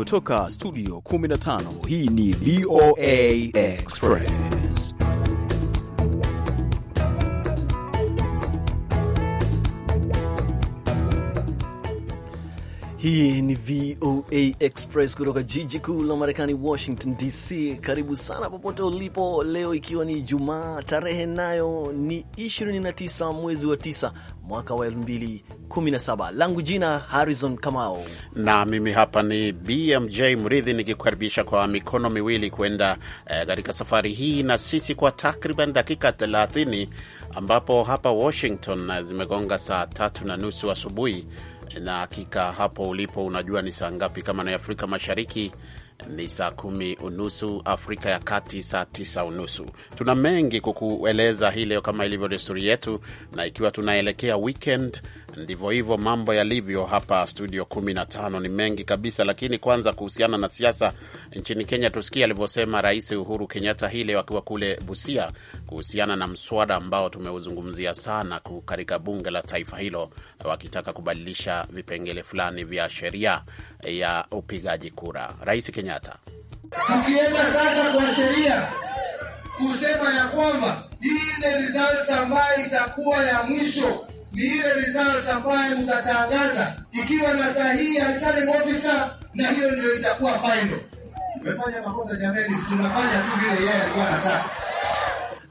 kutoka studio 15 hii ni VOA Express. Hii ni VOA Express kutoka jiji kuu la Marekani, Washington DC. Karibu sana popote ulipo leo, ikiwa ni Jumaa, tarehe nayo ni 29 mwezi wa 9 mwaka wa 2017. Langu jina Harrison Kamao, na mimi hapa ni BMJ Mridhi nikikukaribisha kwa mikono miwili kwenda eh, katika eh, safari hii na sisi kwa takriban dakika 30 ambapo hapa Washington eh, zimegonga saa tatu na nusu asubuhi na hakika hapo ulipo unajua ni saa ngapi? Kama ni Afrika Mashariki ni saa kumi unusu Afrika ya Kati, saa tisa unusu. Tuna mengi kukueleza hii leo kama ilivyo desturi yetu, na ikiwa tunaelekea weekend ndivyo hivyo mambo yalivyo hapa studio 15. Ni mengi kabisa, lakini kwanza kuhusiana na siasa nchini Kenya, tusikie alivyosema Rais Uhuru Kenyatta hii leo akiwa kule Busia kuhusiana na mswada ambao tumeuzungumzia sana katika bunge la taifa hilo, wakitaka kubadilisha vipengele fulani vya sheria ya upigaji kura. Rais Kenyatta: tukienda sasa kwa sheria kusema ya kwamba ile results ambayo itakuwa ya mwisho ni ile results ambayo mtatangaza ikiwa na sahihi ya returning officer, na hiyo ndio itakuwa final. Umefanya makosa jamani, si unafanya tu vile yeye alikuwa anataka.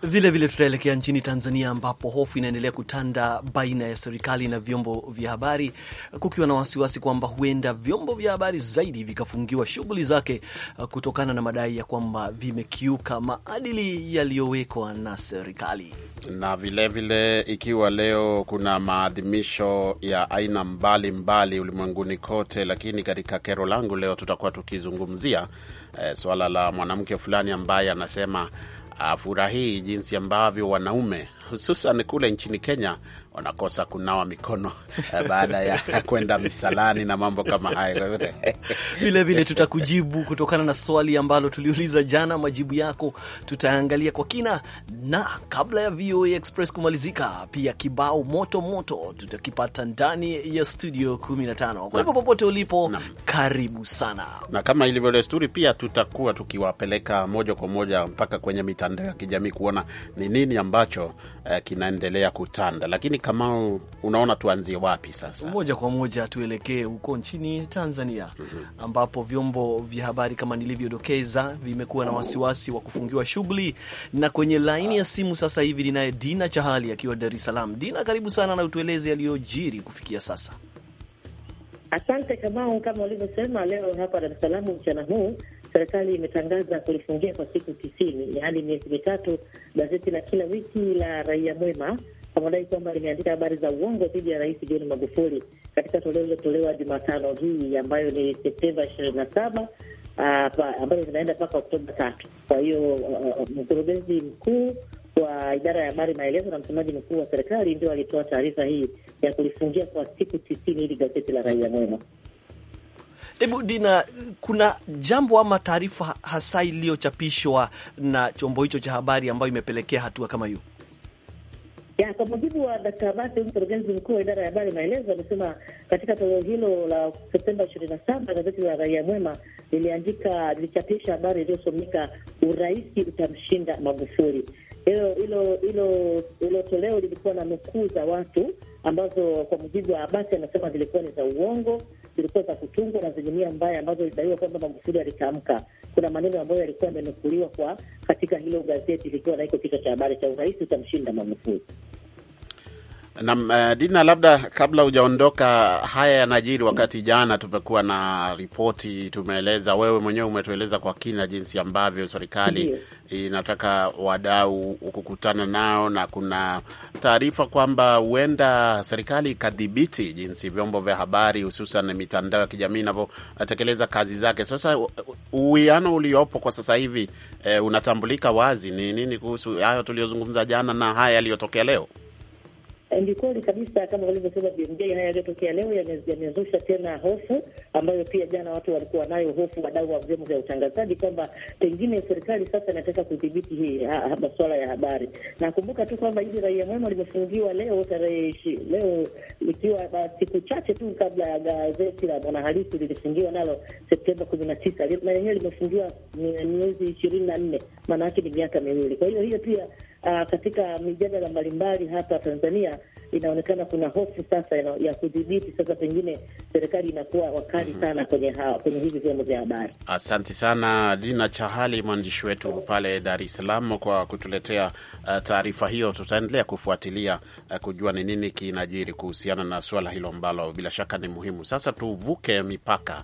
Vilevile tutaelekea nchini Tanzania ambapo hofu inaendelea kutanda baina ya serikali na vyombo vya habari, kukiwa na wasiwasi kwamba huenda vyombo vya habari zaidi vikafungiwa shughuli zake uh, kutokana na madai ya kwamba vimekiuka maadili yaliyowekwa na serikali. Na vilevile vile, ikiwa leo kuna maadhimisho ya aina mbalimbali ulimwenguni kote, lakini katika kero langu leo tutakuwa tukizungumzia eh, swala la mwanamke fulani ambaye anasema afurahii jinsi ambavyo wanaume hususan kule nchini Kenya wanakosa kunawa mikono eh, baada ya kwenda msalani na mambo kama hayo. Vilevile eh, tutakujibu kutokana na swali ambalo tuliuliza jana, majibu yako tutaangalia kwa kina, na kabla ya VOA Express kumalizika, pia kibao moto moto tutakipata ndani ya studio 15. Kwa hivyo popote ulipo na, karibu sana, na kama ilivyo desturi, pia tutakuwa tukiwapeleka moja kwa moja mpaka kwenye mitandao ya kijamii kuona ni nini ambacho eh, kinaendelea kutanda lakini Kamau, unaona tuanzie wapi sasa? Moja kwa moja tuelekee huko nchini Tanzania mm -hmm. ambapo vyombo vya habari kama nilivyodokeza vimekuwa na wasiwasi wa kufungiwa shughuli, na kwenye laini ya simu sasa hivi ninaye Dina Chahali akiwa Dar es Salaam. Dina, karibu sana na utueleze yaliyojiri kufikia sasa. Asante Kamau, kama ulivyosema, leo hapa Dar es Salaam mchana huu serikali imetangaza kulifungia kwa siku tisini, yaani miezi mitatu, gazeti la kila wiki la Raia Mwema kwa madai kwamba limeandika habari za uongo dhidi ya Rais John Magufuli katika toleo lilotolewa Jumatano hii ambayo ni Septemba ishirini na saba ah, ambayo zinaenda mpaka Oktoba tatu. Kwa hiyo ah, ah, mkurugenzi mkuu wa idara ya habari maelezo na msemaji mkuu wa serikali ndio alitoa taarifa hii ya kulifungia kwa siku tisini hili gazeti la Raia Mwema. Hebu Dina, kuna jambo ama taarifa hasa iliyochapishwa na chombo hicho cha habari ambayo imepelekea hatua kama hiyo? Ya, kwa mujibu wa Dkt. Abasi, mkurugenzi mkuu wa idara ya habari Maelezo, amesema katika toleo hilo la Septemba ishirini na saba gazeti la Raia Mwema liliandika lilichapisha habari iliyosomeka urahisi utamshinda Magufuli. Hilo hilo hilo hilo toleo lilikuwa na nukuu za watu ambazo kwa mujibu wa Abasi anasema zilikuwa ni za uongo zilikuwa za kutungwa na zenye nia mbaya ambazo ilidaiwa kwamba Magufuli alitamka. Kuna maneno ambayo yalikuwa yamenukuliwa kwa katika hilo gazeti likiwa naiko kichwa cha habari cha urais utamshinda Magufuli. Na eh, Dina, labda kabla hujaondoka, haya yanajiri wakati jana tumekuwa na ripoti, tumeeleza wewe mwenyewe umetueleza kwa kina jinsi ambavyo serikali inataka wadau kukutana nao, na kuna taarifa kwamba huenda serikali ikadhibiti jinsi vyombo vya habari hususan mitandao ya kijamii inavyotekeleza kazi zake. Sasa uwiano uliopo kwa sasa hivi e, unatambulika wazi. Ni nini kuhusu hayo tuliyozungumza jana na haya yaliyotokea leo? Eh, ni kweli kabisa kama walivyosema BMJ, yanayotokea leo yamezusha tena hofu ambayo pia jana watu walikuwa nayo hofu, wadau wa vyombo vya utangazaji, kwamba pengine serikali sasa inataka kudhibiti hii masuala ya habari. Nakumbuka tu kwamba hili Raia Mwema limefungiwa leo tarehe ishi leo, ikiwa ah, siku chache tu kabla ya gazeti la Mwanahalisi lilifungiwa nalo Septemba kumi na tisa na yenyewe limefungiwa miezi ishirini na nne maana yake ni miaka miwili. Kwa hiyo hiyo pia uh, katika mijadala mbalimbali hapa Tanzania inaonekana kuna hofu sasa ino, ya kudhibiti sasa, pengine serikali inakuwa wakali mm -hmm. sana kwenye, kwenye hivi vyombo vya habari. Asante sana Dina Chahali, mwandishi wetu pale Dar es Salaam, kwa kutuletea uh, taarifa hiyo. Tutaendelea kufuatilia uh, kujua ni nini kinajiri kuhusiana na suala hilo ambalo bila shaka ni muhimu. Sasa tuvuke mipaka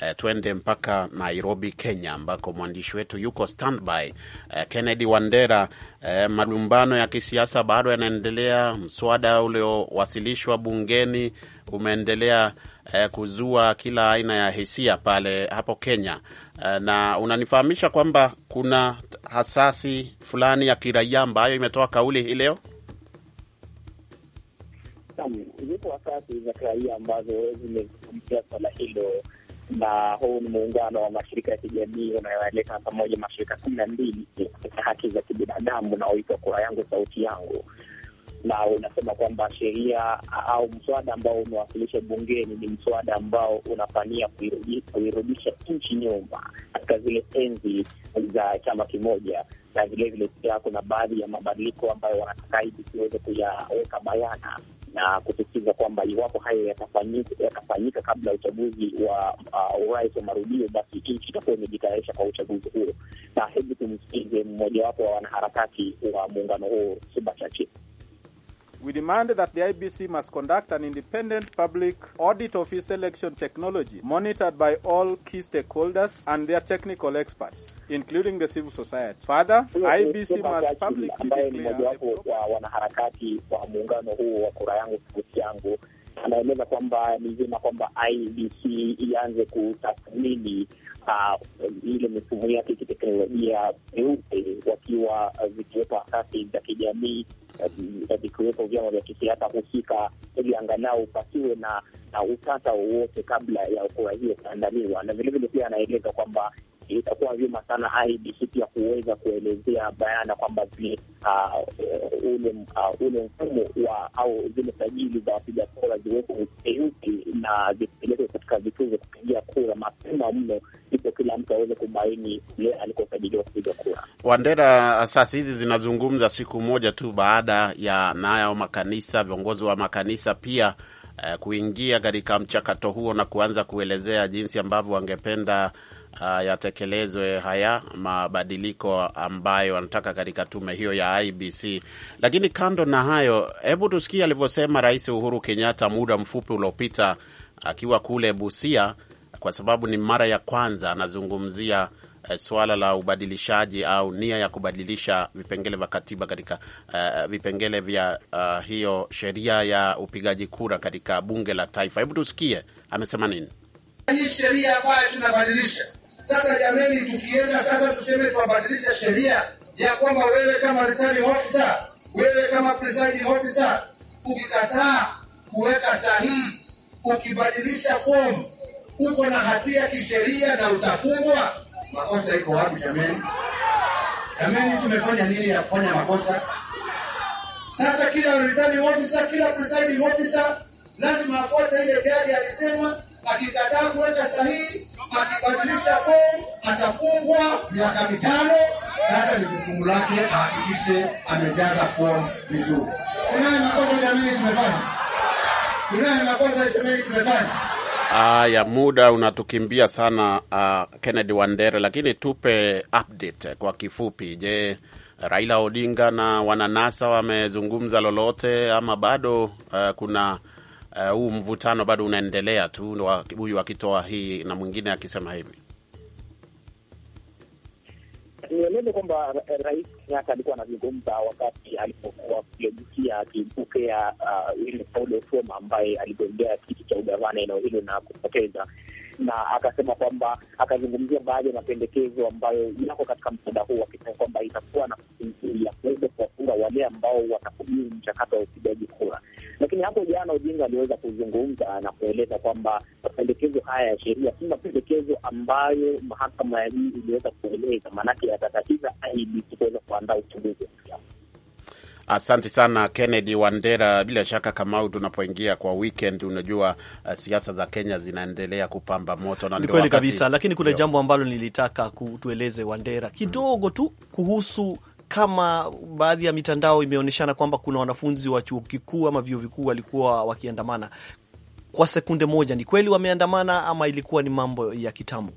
eh, twende mpaka Nairobi, Kenya, ambako mwandishi wetu yuko standby eh, Kennedy Wandera. Eh, malumbano ya kisiasa bado yanaendelea. Mswada uliowasilishwa bungeni umeendelea eh, kuzua kila aina ya hisia pale hapo Kenya eh, na unanifahamisha kwamba kuna hasasi fulani ya kiraia ambayo imetoa kauli hii leo. Zipo hasasi za kiraia ambazo zimezungumzia swala hilo na huu ni muungano wa mashirika ya kijamii unayoyaleta pamoja mashirika kumi na mbili ya haki za kibinadamu unaoitwa Kura Yangu Sauti Yangu, na unasema kwamba sheria au mswada ambao umewasilishwa bungeni ni mswada ambao unafania kuirudisha nchi nyuma katika zile enzi za chama kimoja na vilevile pia kuna baadhi ya mabadiliko ambayo wanataka hivi tuweze kuyaweka bayana na kusisitiza kwamba iwapo hayo yatafanyika kabla ya uchaguzi wa uh, urais uh, wa marudio, basi nchi itakuwa imejitayarisha kwa uchaguzi huo. Na hebu tumsikize mmojawapo wa wanaharakati wa muungano huo Suba demand that the IBC must conduct an independent public audit of its election technology, monitored by all key stakeholders and their technical experts, including the civil society. Further, IBC must publicly declare... the wanaharakati wa muungano wa kura yangu yangu anaeleza kwamba ni vyema kwamba IBC ianze kutathmini uh, ile mifumo yake kiteknolojia meupe, wakiwa vikiwepo asasi za kijamii vikiwepo uh, vyama vya kisiasa husika, ili angalau pasiwe na utata wowote kabla ya kura hiyo kuandaliwa. Na vilevile pia anaeleza kwamba itakuwa vyema sana IBC pia kuweza kuelezea bayana kwamba vile ah, eh, ule ah, ule mfumo wa au zile sajili za wapiga kura ziweko uteuzi na zipelekwe katika vituo vya kupigia kura mapema mno, ipo kila mtu aweze kubaini le alikosajiliwa kupiga kura. Wandera, asasi hizi zinazungumza siku moja tu baada ya nayo makanisa, viongozi wa makanisa pia eh, kuingia katika mchakato huo na kuanza kuelezea jinsi ambavyo wangependa uh, yatekelezwe haya mabadiliko ambayo wanataka katika tume hiyo ya IBC. Lakini kando na hayo, hebu tusikie alivyosema Rais Uhuru Kenyatta muda mfupi uliopita akiwa kule Busia, kwa sababu ni mara ya kwanza anazungumzia eh, suala la ubadilishaji au nia ya kubadilisha vipengele vya katiba katika uh, vipengele vya uh, hiyo sheria ya upigaji kura katika bunge la taifa. Hebu tusikie amesema nini. Hii sheria ambayo tunabadilisha sasa jameni, tukienda sasa tuseme tunabadilisha sheria ya kwamba wewe kama returning officer, wewe kama presiding officer ukikataa kuweka sahihi, ukibadilisha fomu, uko na hatia kisheria na utafungwa. Makosa iko wapi jameni? Jameni, tumefanya nini ya kufanya makosa? Sasa kila returning officer, kila presiding officer lazima afuate ile gari alisema akikataa kuweka sahihi, akibadilisha fomu atafungwa miaka mitano. Sasa ni jukumu lake ahakikishe amejaza fomu vizuri. Kunaye makosa jamii tumefanya, kunaye makosa jamii tumefanya. Haya, muda unatukimbia sana uh, Kennedy Wandere, lakini tupe update kwa kifupi. Je, Raila Odinga na wananasa wamezungumza lolote ama bado? Uh, kuna Eh, huu uh, mvutano bado unaendelea tu, huyu akitoa hii na mwingine akisema hivi. Nieleze kwamba Rais Kenyatta alikuwa anazungumza wakati alipokuwa kulegusia akimpokea William ah, Paulo Otuoma ambaye aligombea kiti cha ugavana eneo hilo na kupoteza na akasema kwamba, akazungumzia baadhi ya mapendekezo ambayo yako katika msada huu, akisema kwamba itakuwa na ya kuweza kuwafunga wale ambao watakubiri mchakato wa upigaji kura. Lakini hapo jana Odinga aliweza kuzungumza na kueleza kwamba mapendekezo haya ya sheria si mapendekezo ambayo mahakama ya juu iliweza kueleza, maanake yatatatiza IEBC kuweza kuandaa uchunguzi wa Asante sana Kennedy Wandera. Bila shaka Kamau, tunapoingia kwa weekend, unajua uh, siasa za Kenya zinaendelea kupamba moto, na ni kweli kabisa, lakini kuna jambo ambalo nilitaka kutueleze Wandera kidogo tu kuhusu kama baadhi ya mitandao imeonyeshana kwamba kuna wanafunzi wa chuo kikuu ama vyuo vikuu walikuwa wakiandamana kwa sekunde moja. Ni kweli wameandamana ama ilikuwa ni mambo ya kitambo?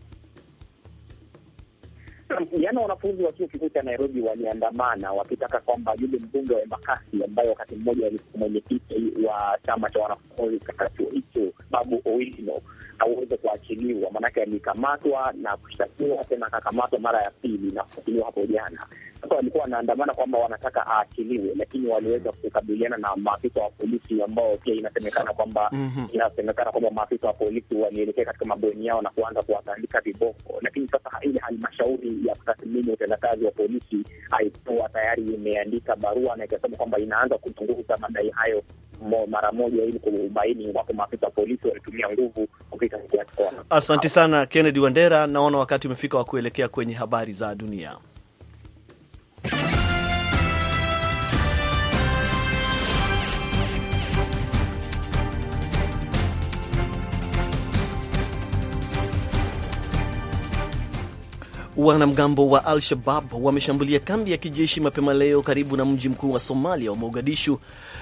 Jana wanafunzi wa chuo kikuu cha Nairobi waliandamana wakitaka kwamba yule mbunge wa Embakasi ambaye wakati mmoja alikuwa mwenyekiti wa chama cha wanafunzi katika chuo hicho, Babu Owino aweze kuachiliwa, maanake alikamatwa na kushtakiwa tena akakamatwa mara ya pili na kuachiliwa hapo jana. Sasa walikuwa wanaandamana kwamba wanataka aachiliwe, lakini waliweza kukabiliana na maafisa wa polisi ambao pia inasemekana kwamba mm -hmm. inasemekana kwamba maafisa wa polisi walielekea katika mabweni yao na kuanza kuwatandika viboko. Lakini sasa ile halmashauri ya kutathmini utendakazi wa polisi haikuwa tayari imeandika barua na ikasema kwamba inaanza kuchunguza madai hayo mara moja ili kubaini iwapo maafisa wa polisi walitumia nguvu kupita kiasi. Asante sana Kennedy Wandera, naona wakati umefika wa kuelekea kwenye habari za dunia. Wanamgambo wa Al-Shabab wameshambulia kambi ya kijeshi mapema leo karibu na mji mkuu wa Somalia wa Mogadishu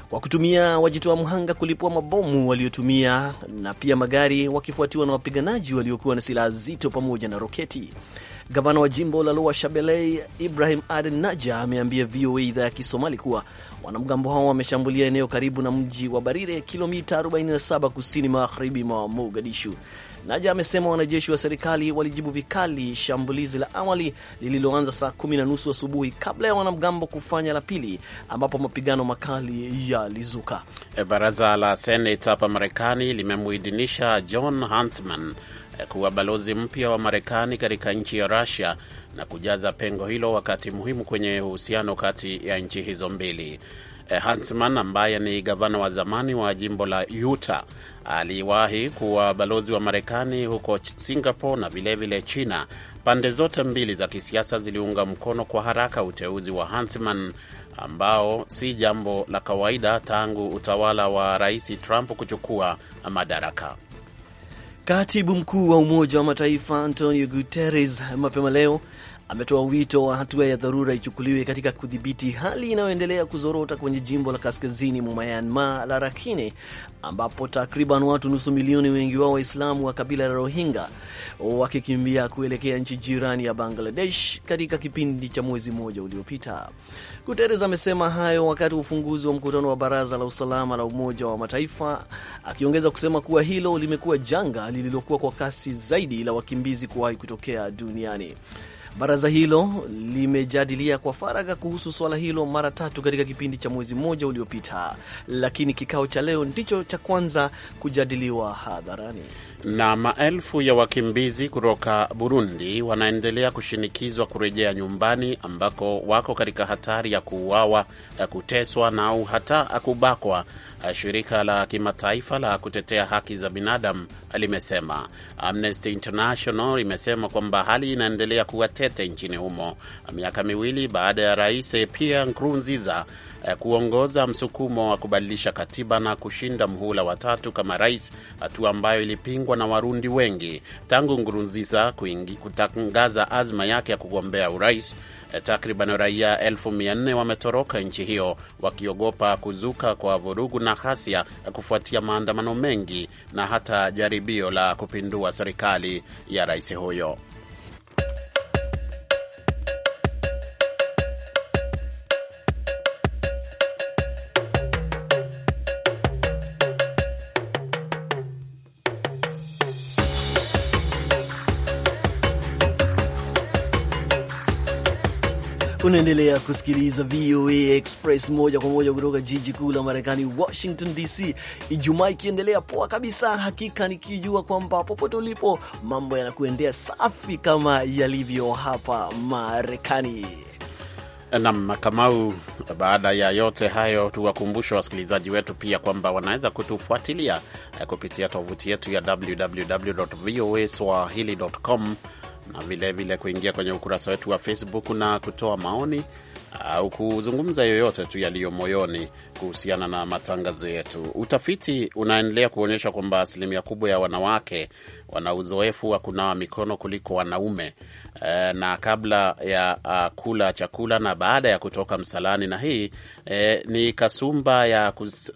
kwa kutumia wajitoa mhanga kulipua mabomu waliotumia na pia magari, wakifuatiwa na wapiganaji waliokuwa na silaha zito pamoja na roketi. Gavana wa jimbo la Lua Shabelei Ibrahim Aden Naja ameambia VOA idhaa ya Kisomali kuwa wanamgambo hao wameshambulia eneo karibu na mji wa Barire, kilomita 47 kusini magharibi mwa Mogadishu. Naja amesema wanajeshi wa serikali walijibu vikali shambulizi la awali lililoanza saa kumi na nusu asubuhi kabla ya wanamgambo kufanya la pili, ambapo mapigano makali yalizuka. E, baraza la Senate hapa Marekani limemuidhinisha John Huntsman kuwa balozi mpya wa Marekani katika nchi ya Rusia na kujaza pengo hilo wakati muhimu kwenye uhusiano kati ya nchi hizo mbili. hansman eh, ambaye ni gavana wa zamani wa jimbo la Utah aliwahi kuwa balozi wa Marekani huko Singapore na vilevile China. Pande zote mbili za kisiasa ziliunga mkono kwa haraka uteuzi wa hansman ambao si jambo la kawaida tangu utawala wa Rais Trump kuchukua madaraka. Katibu mkuu wa Umoja wa Mataifa Antonio Guterres mapema leo ametoa wito wa hatua ya dharura ichukuliwe katika kudhibiti hali inayoendelea kuzorota kwenye jimbo la kaskazini mwa Myanmar la Rakhine, ambapo takriban watu nusu milioni, wengi wao Waislamu wa kabila la Rohingya, wakikimbia kuelekea nchi jirani ya Bangladesh katika kipindi cha mwezi mmoja uliopita. Guterres amesema hayo wakati wa ufunguzi wa mkutano wa Baraza la Usalama la Umoja wa Mataifa, akiongeza kusema kuwa hilo limekuwa janga lililokuwa kwa kasi zaidi la wakimbizi kuwahi kutokea duniani. Baraza hilo limejadilia kwa faragha kuhusu swala hilo mara tatu katika kipindi cha mwezi mmoja uliopita, lakini kikao cha leo ndicho cha kwanza kujadiliwa hadharani. Na maelfu ya wakimbizi kutoka Burundi wanaendelea kushinikizwa kurejea nyumbani ambako wako katika hatari ya kuuawa, kuteswa na au hata kubakwa. Shirika la kimataifa la kutetea haki za binadamu limesema. Amnesty International imesema kwamba hali inaendelea kuwa tete nchini humo, miaka miwili baada ya Rais Pierre Nkurunziza Eh, kuongoza msukumo wa kubadilisha katiba na kushinda mhula watatu kama rais, hatua ambayo ilipingwa na Warundi wengi tangu Ngurunziza kutangaza azma yake ya kugombea urais. Eh, takriban raia elfu mia nne wametoroka nchi hiyo wakiogopa kuzuka kwa vurugu na ghasia kufuatia maandamano mengi na hata jaribio la kupindua serikali ya rais huyo. Unaendelea kusikiliza VOA Express moja kwa moja kutoka jiji kuu la Marekani, Washington DC. Ijumaa ikiendelea poa kabisa, hakika nikijua kwamba popote ulipo mambo yanakuendea safi kama yalivyo hapa Marekani. Nam Kamau, baada ya yote hayo, tuwakumbushe wasikilizaji wetu pia kwamba wanaweza kutufuatilia eh, kupitia tovuti yetu ya www voa swahili.com na vilevile kuingia kwenye ukurasa wetu wa Facebook na kutoa maoni au kuzungumza yoyote tu yaliyo moyoni kuhusiana na matangazo yetu. Utafiti unaendelea kuonyesha kwamba asilimia kubwa ya wanawake wana uzoefu wa kunawa mikono kuliko wanaume e, na kabla ya a, ah, kula chakula na baada ya kutoka msalani, na hii e, ni kasumba ya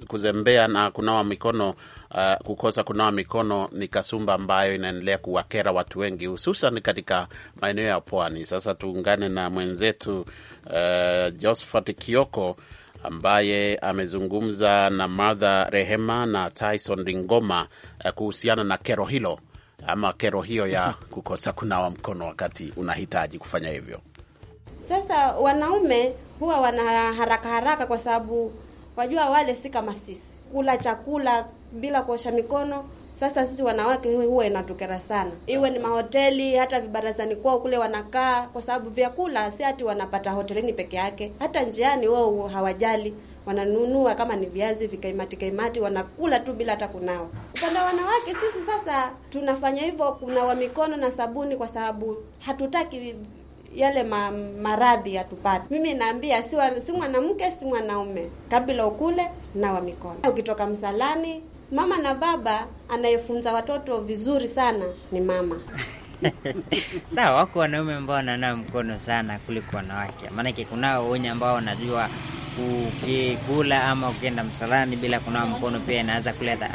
kuzembea na kunawa mikono. Uh, kukosa kunawa mikono ni kasumba ambayo inaendelea kuwakera watu wengi hususan katika maeneo ya pwani. Sasa tuungane na mwenzetu uh, eh, Josphat Kioko ambaye amezungumza na Martha Rehema na Tyson Ringoma uh, eh, kuhusiana na kero hilo ama kero hiyo ya kukosa kunawa mkono wakati unahitaji kufanya hivyo. Sasa wanaume huwa wana haraka haraka, kwa sababu wajua wale si kama sisi, kula chakula bila kuosha mikono sasa sisi wanawake huwa inatukera sana, iwe ni mahoteli, hata vibarazani kwao kule wanakaa, kwa sababu vyakula si ati wanapata hotelini peke yake, hata njiani wao hawajali wananunua kama ni viazi vikaimati kaimati, wanakula tu bila hata kunawa. Upande wa wanawake sisi sasa tunafanya hivyo, kunawa mikono na sabuni, kwa sababu hatutaki yale ma, maradhi yatupate. Mimi naambia si mwanamke si mwanaume, kabla ukule nawa mikono, ukitoka msalani Mama na baba anayefunza watoto vizuri sana ni mama. Sawa, wako wanaume ambao wananawa mkono sana kuliko wanawake, maanake kunao wenye ambao wanajua ukikula ama ukienda msalani bila kunawa mkono pia inaweza kuleta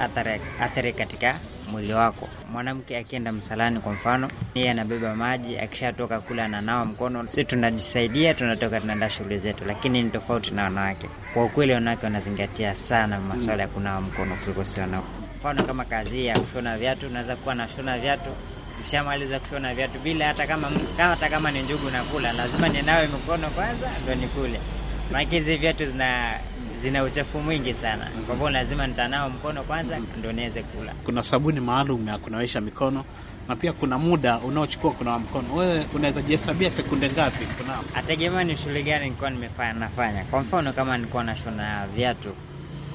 athari katika mwili wako. Mwanamke akienda msalani kwa mfano, yeye anabeba maji, akishatoka kule ananawa mkono. Si tunajisaidia, tunatoka tunaenda shughuli zetu, lakini ni tofauti na wanawake. Kwa ukweli, wanawake wanazingatia sana masuala ya kunawa mkono kuliko si wanawake. Mfano kama kazi ya kushona viatu, unaweza kuwa nashona viatu Ukishamaliza kushona viatu bila hata kama hata kama ni njugu nakula, lazima ninawe mikono kwanza ndo nikule hizi viatu zina zina uchafu mwingi sana, mhm. kwa hivyo lazima nitanao mkono kwanza mhm. ndio niweze kula. Kuna sabuni maalum ya kunawisha mikono na pia kuna muda unaochukua kunawa mkono. Wewe unaweza jihesabia sekunde ngapi kunawa? Ategemea ni shughuli gani nilikuwa nimefanya nafanya. Kwa mfano kama nilikuwa nashona viatu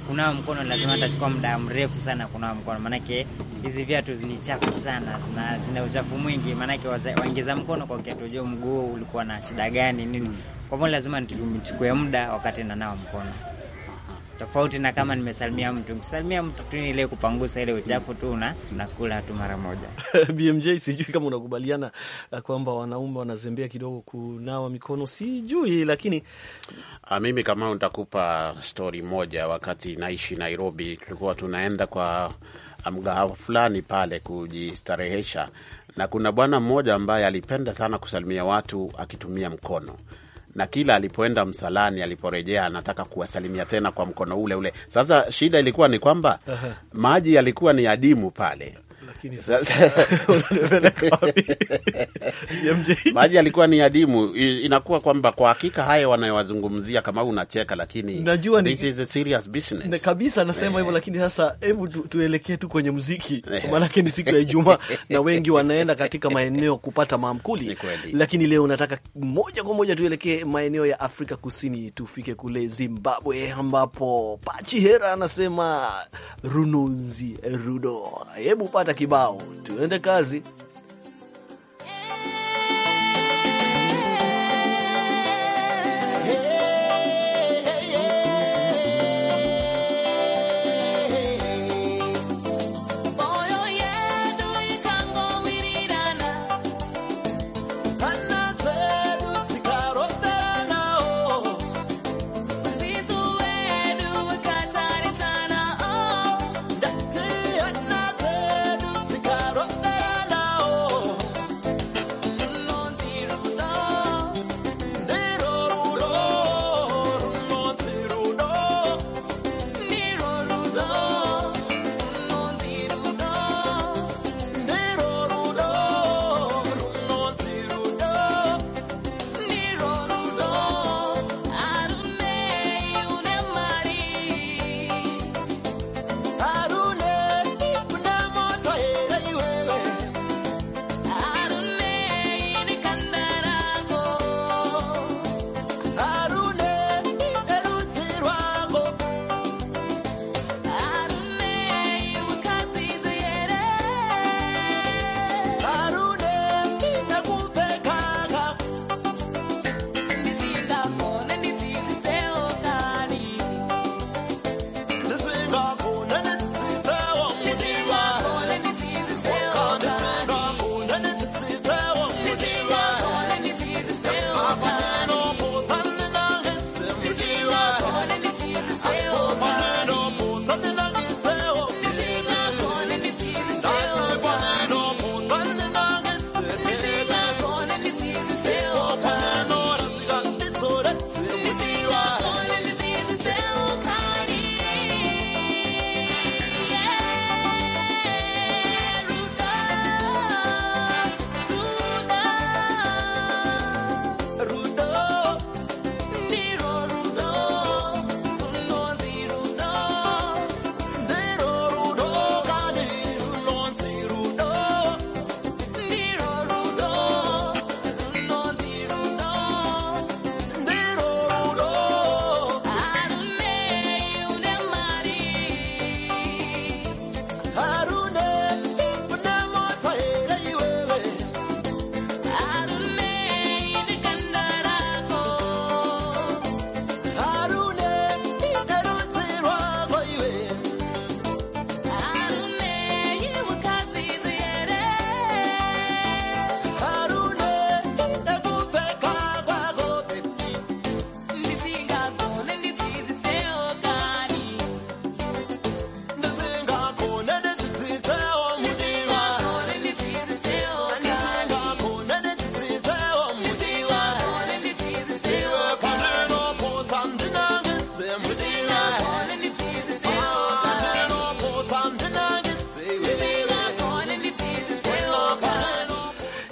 kunawa mkono lazima atachukua muda mrefu sana kunawa mkono, maanake hizi viatu ni chafu sana, zina, zina uchafu mwingi, maanake waingiza mkono kwa kiatu, jua mguu ulikuwa na shida gani nini. Kwa hivyo lazima nichukue muda wakati nanawa mkono tofauti na kama nimesalimia mtu. Ukisalimia mtu tu ile kupangusa ile uchafu tu na nakula tu mara moja. BMJ, sijui kama unakubaliana uh, kwamba wanaume wanazembea kidogo kunawa mikono, sijui lakini A, ah, mimi kama nitakupa stori moja. Wakati naishi Nairobi, tulikuwa tunaenda kwa uh, mgahawa fulani pale kujistarehesha, na kuna bwana mmoja ambaye alipenda sana kusalimia watu akitumia mkono na kila alipoenda msalani, aliporejea anataka kuwasalimia tena kwa mkono ule ule. Sasa shida ilikuwa ni kwamba maji yalikuwa ni adimu pale maji yalikuwa ni adimu. Inakuwa kwamba kwa hakika haya wanayowazungumzia, kama unacheka, lakini najua this is a serious business kabisa, nasema hivyo eh. lakini sasa, hebu tuelekee tu kwenye muziki, eh. maanake ni siku ya Ijumaa na wengi wanaenda katika maeneo kupata maamkuli, lakini leo nataka moja kwa moja tuelekee maeneo ya Afrika Kusini, tufike kule Zimbabwe ambapo Pachi Hera anasema runuzi rudo. Hebu pata kibao kibao, tuende kazi.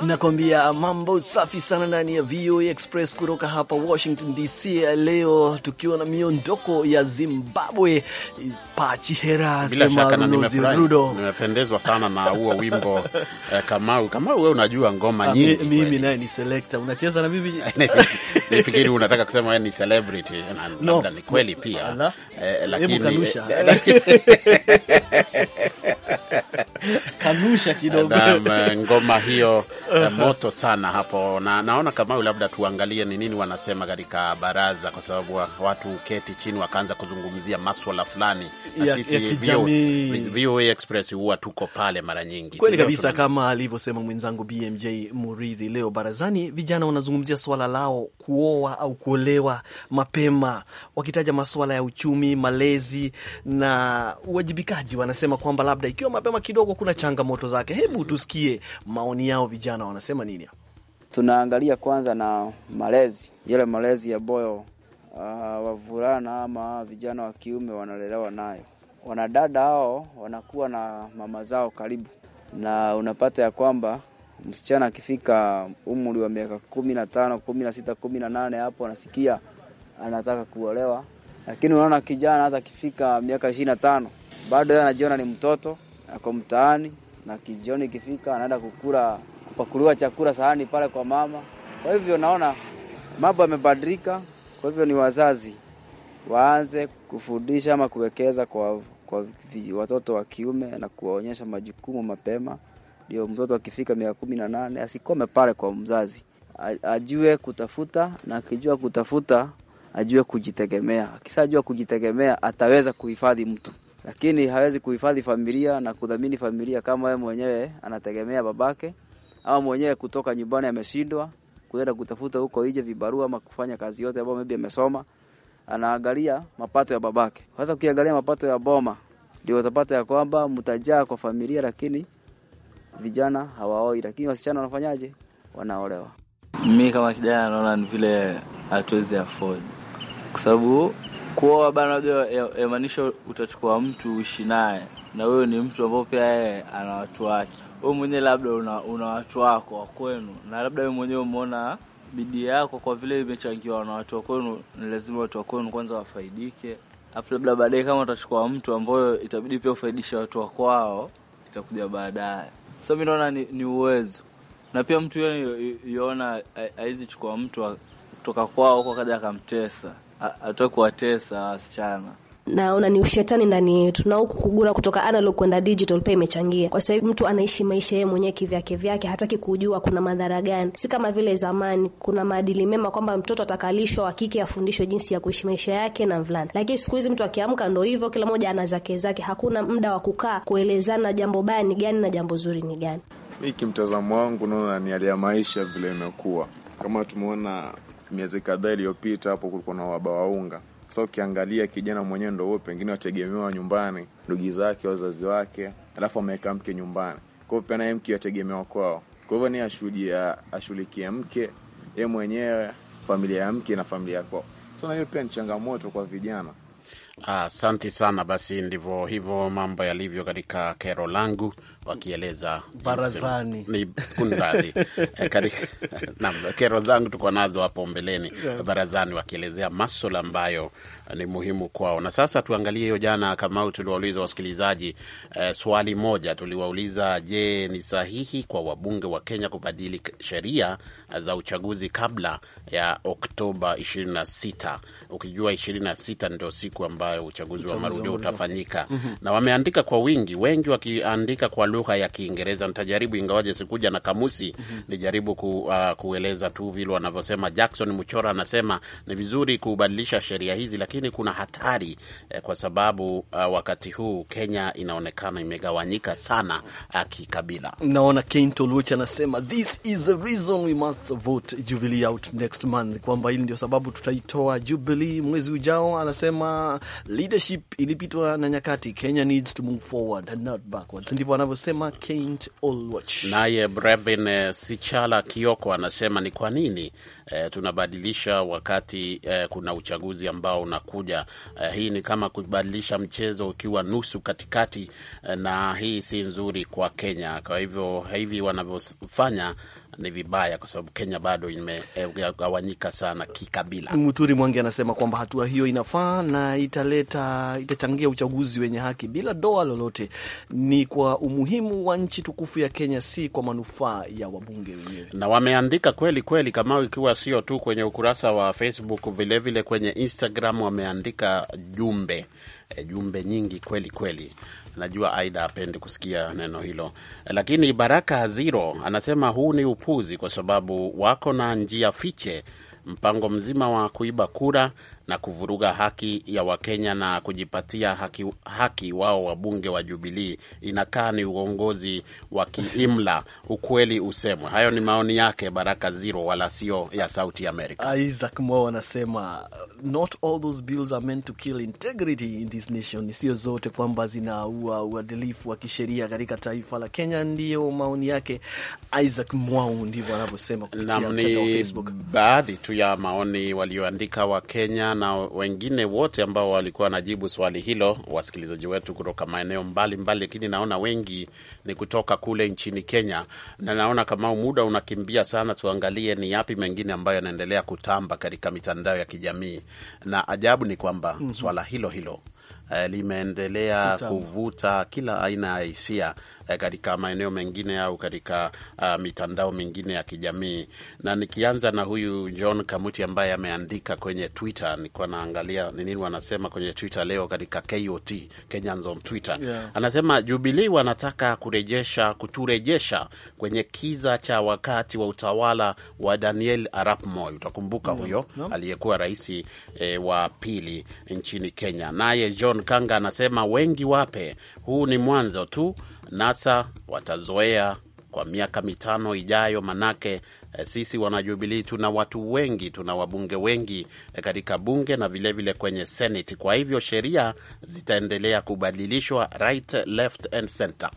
nakwambia mambo safi sana ndani ya VOA Express kutoka hapa Washington DC, leo tukiwa na miondoko ya Zimbabwe. Pachihera bila shaka nimependezwa sana na huo wimbo eh, Kamau. Kamau, we unajua ngoma ah, nyingi. Mimi naye ni selekta, unacheza na mimi nifikiri unataka kusema wewe ni celebrity, labda ni kweli pia, eh, lakini kanusha kidogo eh, ngoma hiyo eh, moto sana hapo, na naona kama labda tuangalie ni nini wanasema katika baraza, kwa sababu watu uketi chini wakaanza kuzungumzia maswala fulani, na sisi VOA Express huwa tuko pale mara nyingi. Kweli kabisa, kama alivyosema mwenzangu BMJ Muridhi, leo barazani vijana wanazungumzia swala lao kuoa au kuolewa mapema, wakitaja maswala ya uchumi, malezi na uwajibikaji. Wanasema kwamba labda ikiwa mapema kidogo kidogo kuna changamoto zake. Hebu tusikie maoni yao, vijana wanasema nini Tunaangalia kwanza na malezi, yale malezi ya boyo uh, wavulana ama vijana wa kiume wanalelewa nayo. Wanadada hao wanakuwa na mama zao karibu, na unapata ya kwamba msichana akifika umri wa miaka kumi na tano, kumi na sita, kumi na nane, hapo anasikia anataka kuolewa. Lakini unaona kijana hata akifika miaka ishirini na tano bado yeye anajiona ni mtoto ako mtaani, na kijioni ikifika anaenda kukula, kupakuliwa chakula sahani pale kwa mama. Kwa hivyo naona mambo yamebadilika. Kwa hivyo ni wazazi waanze kufundisha ama kuwekeza kwa, kwa watoto wa kiume na kuwaonyesha majukumu mapema, ndio mtoto akifika miaka kumi na nane asikome pale kwa mzazi, ajue kutafuta, na akijua kutafuta ajue kujitegemea. Akishajua kujitegemea ataweza kuhifadhi mtu lakini hawezi kuhifadhi familia na kudhamini familia kama yeye mwenyewe anategemea babake au mwenyewe kutoka nyumbani ameshindwa kuenda kutafuta huko nje vibarua ama kufanya kazi yote ambayo maybe amesoma, anaangalia mapato ya babake. Sasa ukiangalia mapato ya boma, ndio utapata ya kwamba mtajaa kwa familia, lakini vijana hawaoi, lakini wasichana wanafanyaje? Wanaolewa. Mimi kama kijana naona ni vile hatuwezi afford kwa sababu Kuoa bana, unajua yamaanisha utachukua mtu uishi naye, na wewe ni mtu ambao pia yeye ana watu wake. Wewe mwenyewe labda una, una watu wako wa kwenu, na labda wewe mwenyewe umeona bidii yako kwa vile imechangiwa na watu wa kwenu, ni lazima watu wa kwenu kwanza wafaidike, afu labda baadaye kama utachukua mtu ambayo itabidi pia ufaidishe watu wa kwao, itakuja baadaye. Sasa mi naona ni, ni uwezo na pia mtu yeye yona haizi chukua mtu kutoka kwao huko akaja akamtesa hatuta kuwatesa wasichana. Naona ni ushetani ndani yetu, na huku kugura kutoka analog kwenda digital pia imechangia, kwa sababu mtu anaishi maisha yeye mwenyewe kivyake vyake, hataki kujua kuna madhara gani. Si kama vile zamani kuna maadili mema kwamba mtoto atakalishwa wa kike afundishwe jinsi ya kuishi maisha yake na mvulana, lakini siku hizi mtu akiamka ndo hivyo, kila mmoja ana zake zake, hakuna muda wa kukaa kuelezana jambo baya ni gani na jambo zuri ni gani. Mi kimtazamo wangu naona ni hali ya maisha vile imekuwa, kama tumeona miezi kadhaa iliyopita hapo kulikuwa na uhaba wa unga. Sasa ukiangalia kijana mwenyewe ndo huo pengine wategemewa nyumbani, ndugu zake, wazazi wake, alafu ameweka mke nyumbani, kwa pia naye mke wategemewa kwao. Kwa hivyo ni ashuhudia ashughulikie mke ye mwenyewe, familia ya mke na familia ya kwao. Sana hiyo pia ni changamoto kwa vijana. Asante ah, sana. Basi ndivyo hivyo mambo yalivyo katika kero langu wakieleza barazani ni kundadhi eh, kero zangu tuko nazo hapo mbeleni barazani, wakielezea maswala ambayo Eh, ni muhimu kwao. Na sasa tuangalie hiyo jana, Kamau, tuliwauliza wasikilizaji e, swali moja tuliwauliza, je, ni sahihi kwa wabunge wa Kenya kubadili sheria za uchaguzi kabla ya Oktoba 26 ukijua 26 ndio siku ambayo uchaguzi wa marudio utafanyika. mm -hmm. Na wameandika kwa wingi, wengi wakiandika kwa lugha ya Kiingereza. Nitajaribu ingawaje sikuja na kamusi mm -hmm. nijaribu ku, uh, kueleza tu vile wanavyosema. Jackson Muchora anasema ni vizuri kubadilisha sheria hizi lakini lakini kuna hatari eh, kwa sababu uh, wakati huu Kenya inaonekana imegawanyika sana uh, kikabila. Naona Kento Luch anasema this is the reason we must vote Jubilee out next month, kwamba hili ndio sababu tutaitoa Jubilee mwezi ujao. Anasema leadership ilipitwa na nyakati, Kenya needs to move forward and not backwards. Ndivyo anavyosema Kent Olwach. Naye Brevin eh, Sichala Kioko anasema ni kwa nini eh, tunabadilisha wakati eh, kuna uchaguzi ambao unaku kuja Uh, eh, hii ni kama kubadilisha mchezo ukiwa nusu katikati, uh, na hii si nzuri kwa Kenya. Kwa hivyo hivi wanavyofanya ni vibaya, kwa sababu Kenya bado imegawanyika sana kikabila. Muturi Mwangi anasema kwamba hatua hiyo inafaa na italeta itachangia uchaguzi wenye haki bila doa lolote. Ni kwa umuhimu wa nchi tukufu ya Kenya, si kwa manufaa ya wabunge wenyewe. Na wameandika kweli kweli, kama ikiwa sio tu kwenye ukurasa wa Facebook, vilevile vile kwenye Instagram wameandika jumbe e, jumbe nyingi kweli kweli. Najua Aida apendi kusikia neno hilo, eh, lakini Baraka Ziro anasema huu ni upuzi, kwa sababu wako na njia fiche, mpango mzima wa kuiba kura na kuvuruga haki ya Wakenya na kujipatia haki, haki wao wabunge wa Jubilii. Inakaa ni uongozi wa kiimla, ukweli usemwe. Hayo ni maoni yake Baraka Zero, wala sio ya Sauti America. Isaac Mwao anasema uh, not all those bills are meant to kill integrity in this nation, sio zote kwamba zinaua uadilifu wa kisheria katika taifa la Kenya. Ndiyo maoni yake Isaac Mwao, ndivyo anavyosema kupitia mtandao wa Facebook. Baadhi tu ya maoni walioandika wa Kenya na wengine wote ambao walikuwa wanajibu swali hilo, wasikilizaji wetu kutoka maeneo mbalimbali, lakini mbali, naona wengi ni kutoka kule nchini Kenya, na naona kama muda unakimbia sana. Tuangalie ni yapi mengine ambayo yanaendelea kutamba katika mitandao ya kijamii, na ajabu ni kwamba mm -hmm. swala hilo hilo eh, limeendelea kuvuta kila aina ya hisia eh, katika maeneo mengine au katika uh, mitandao mingine ya kijamii. Na nikianza na huyu John Kamuti ambaye ameandika kwenye Twitter, nilikuwa naangalia ni nini wanasema kwenye Twitter leo katika KOT, Kenyans on Twitter yeah. Anasema Jubilee wanataka kurejesha kuturejesha kwenye kiza cha wakati wa utawala wa Daniel Arap Moi. Utakumbuka huyo no, no. aliyekuwa rais eh, wa pili nchini Kenya naye John Kanga anasema wengi wape, huu ni mwanzo tu, NASA watazoea kwa miaka mitano ijayo, manake eh, sisi wanajubilii tuna watu wengi, tuna wabunge wengi eh, katika bunge na vilevile vile kwenye Senate. Kwa hivyo sheria zitaendelea kubadilishwa right, left and center.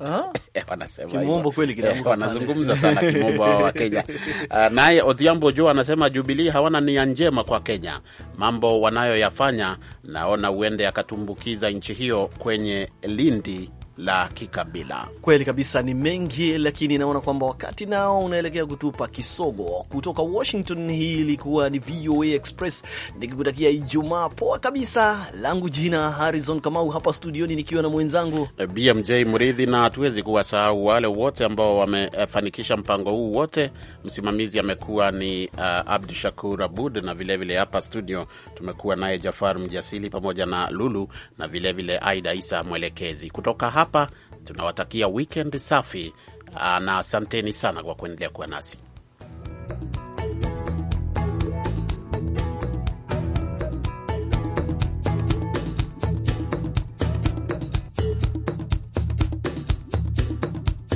Eh, eh, wanasema eh, wanazungumza sana kimombo hao wa Kenya. Ah, naye Odhiambo Jo anasema Jubilee hawana nia njema kwa Kenya, mambo wanayoyafanya naona huende akatumbukiza nchi hiyo kwenye lindi la kikabila. Kweli kabisa, ni mengi lakini naona kwamba wakati nao unaelekea kutupa kisogo. Kutoka Washington, hii ilikuwa ni VOA Express nikikutakia Ijumaa poa kabisa. Langu jina Harrison Kamau, hapa studioni nikiwa na mwenzangu BMJ Mridhi, na hatuwezi kuwasahau wale wote ambao wamefanikisha mpango huu wote. Msimamizi amekuwa ni uh, Abdu Shakur Abud, na vilevile vile hapa studio tumekuwa naye Jafar Mjasili pamoja na Lulu na vilevile vile Aida Isa mwelekezi kutoka hapa hapa tunawatakia wikendi safi na asanteni sana kwa kuendelea kuwa nasi.